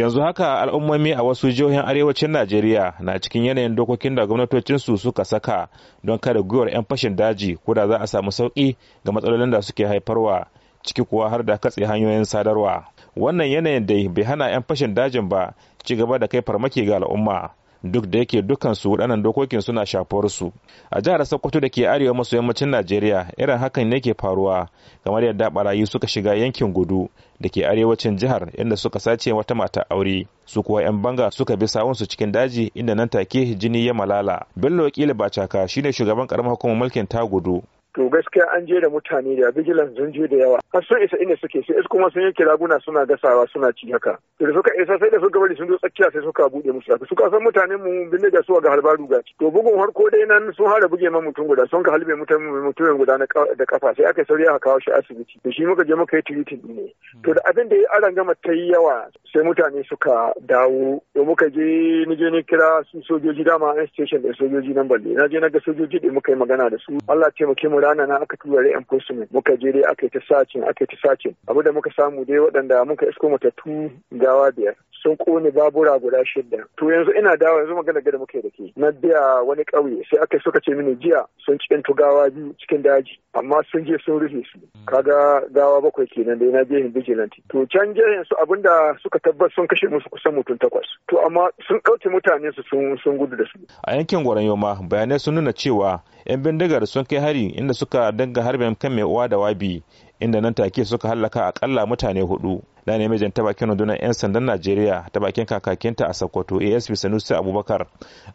yanzu haka al'ummomi a wasu jihohin arewacin najeriya na cikin yanayin dokokin da gwamnatocinsu suka saka don kada gwiwar 'yan fashin daji ko da za a samu sauki ga matsalolin da suke haifarwa ciki kuwa har da katse hanyoyin sadarwa wannan yanayin dai bai hana 'yan fashin dajin ba ci gaba da kai farmaki ga al'umma duk da yake dukansu waɗannan dokokin suna shafar su a jihar sokoto da ke arewa maso yammacin najeriya irin hakan ne ke faruwa kamar yadda barayi suka shiga yankin gudu da ke arewacin jihar inda suka sace wata mata aure su kuwa yan banga suka bi su cikin daji inda nan take jini ya malala bello kila bacaka shine shugaban karamar hukumar mulkin tagudu to gaskiya an je da mutane da vigilance sun je da yawa har sun isa inda suke sai kuma sun yi kiraguna suna gasawa suna ci haka da suka isa sai da suka bari sun zo tsakiya sai suka bude musu haka suka san mutanen mu binne da su ga halbaru ga to bugun harko dai nan sun hara buge ma mutum guda sun ka halbe mutum mutumin guda da kafa sai aka sauri aka kawo shi asibiti da shi muka je muka yi treating ne to da abin da ya aran gama ta yi yawa sai mutane suka dawo to muka je ni je ni kira su sojoji dama an station da sojoji nan balle na je na ga sojoji da muka yi magana da su Allah taimake mu rana na aka tura rai muka je dai aka yi ta sacin aka yi ta sacin abu da muka samu dai waɗanda muka isko matattu gawa biyar sun kone babura guda shida to yanzu ina dawo yanzu magana da muke da ke na biya wani ƙauye sai aka suka ce mini jiya sun cikin tugawa biyu cikin daji amma sun je sun rufe su kaga gawa bakwai kenan da na gehen vigilante to can gehen su abinda suka tabbas sun kashe musu kusan mutum takwas to amma sun kauce mutane su sun gudu da su a yankin gwaran yoma bayanai sun nuna cewa yan bindigar sun kai hari inda suka danga harbin kan mai uwa da wabi inda nan take suka hallaka akalla mutane hudu na ne ta bakin rundunar 'yan sandan najeriya ta bakin kakakinta a sokoto asp sanusi abubakar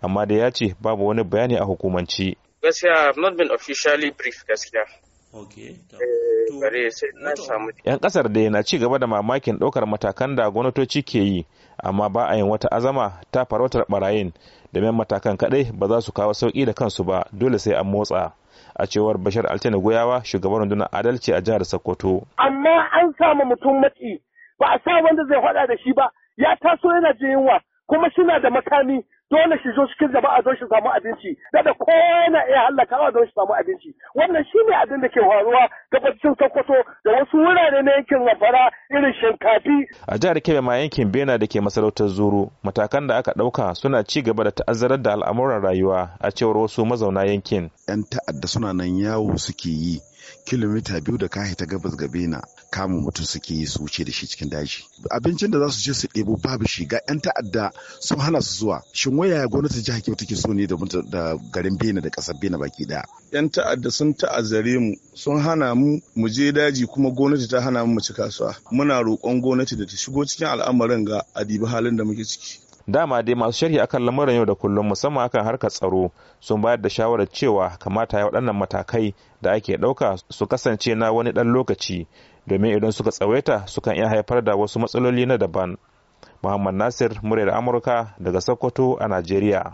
amma da ya ce babu wani bayani a hukumanci gaskiya not been officially brief gaskiya yan kasar da na ci gaba da mamakin ɗaukar matakan da gwamnatoci ke yi amma ba a yin wata azama ta farautar barayin da mai matakan kadai ba za su kawo sauki da kansu ba dole sai an motsa a cewar bashar altina goyawa shugaban rundunar adalci a jihar sokoto amma an samu mutum matsi ba a sa wanda zai hada da shi ba ya taso yana jin yunwa kuma suna da makami dole shi zo cikin jama'a don shi samu abinci da kowa yana iya hallakawa don shi samu abinci wannan shi ne abin da ke faruwa gabacin sokoto da wasu wurare na yankin lafara irin shinkafi a jihar kebe ma yankin bena da ke masarautar zuru matakan da aka ɗauka suna ci gaba da ta'azzarar da al'amuran rayuwa a cewar wasu mazauna yankin yan ta'adda suna nan yawo suke yi kilomita biyu da kahi ta gabas ga bena kamun mutum suke yi su wuce da shi cikin daji abincin da za su je su ɗebo babu shi ga 'yan ta'adda sun hana su zuwa shin waya ya gwamnati jihar kyau take so ne da garin bena da ƙasar bena baki ɗaya. 'yan ta'adda sun ta'azzare mu sun hana mu mu je daji kuma gwamnati ta hana mu mu ci kasuwa muna roƙon gwamnati da ta shigo cikin al'amarin ga adibi halin da muke ciki dama dai masu sharhi akan lamarin yau da kullum musamman akan harkar tsaro sun bayar da shawarar cewa kamata ya waɗannan matakai da ake ɗauka su kasance na wani ɗan lokaci domin idan suka tsawaita sukan iya haifar da wasu matsaloli na daban muhammad nasir da amurka daga sokoto a najeriya